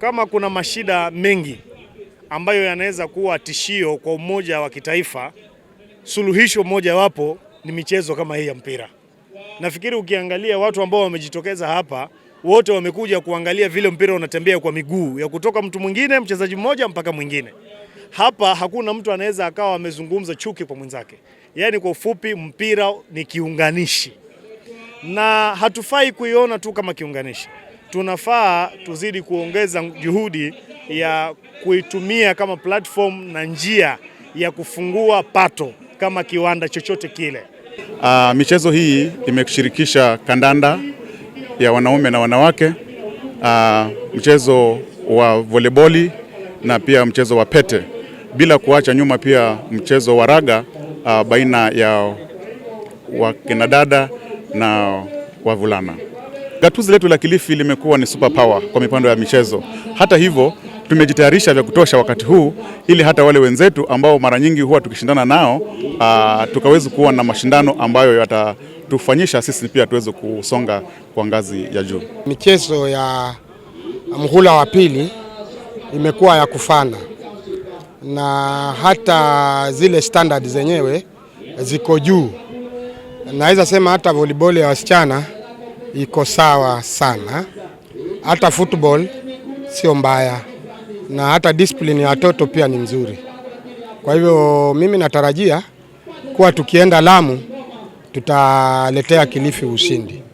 Kama kuna mashida mengi ambayo yanaweza kuwa tishio kwa umoja wa kitaifa, suluhisho moja wapo ni michezo kama hii ya mpira. Nafikiri ukiangalia watu ambao wamejitokeza hapa wote wamekuja kuangalia vile mpira unatembea kwa miguu ya kutoka mtu mwingine, mchezaji mmoja mpaka mwingine. Hapa hakuna mtu anaweza akawa amezungumza chuki kwa mwenzake, yaani kwa ufupi, mpira ni kiunganishi na hatufai kuiona tu kama kiunganishi tunafaa tuzidi kuongeza juhudi ya kuitumia kama platform na njia ya kufungua pato kama kiwanda chochote kile. Uh, michezo hii imeshirikisha kandanda ya wanaume na wanawake, uh, mchezo wa voleboli na pia mchezo wa pete, bila kuacha nyuma pia mchezo wa raga uh, baina ya wakinadada na wavulana. Gatuzi letu la Kilifi limekuwa ni super power kwa mipando ya michezo. Hata hivyo tumejitayarisha vya kutosha wakati huu ili hata wale wenzetu ambao mara nyingi huwa tukishindana nao ah, tukaweza kuwa na mashindano ambayo yatatufanyisha sisi pia tuweze kusonga kwa ngazi ya juu. Michezo ya mhula wa pili imekuwa ya kufana na hata zile standard zenyewe ziko juu. Naweza sema hata volleyball ya wasichana iko sawa sana, hata football sio mbaya, na hata discipline ya watoto pia ni nzuri Kwa hivyo mimi natarajia kuwa tukienda Lamu tutaletea Kilifi ushindi.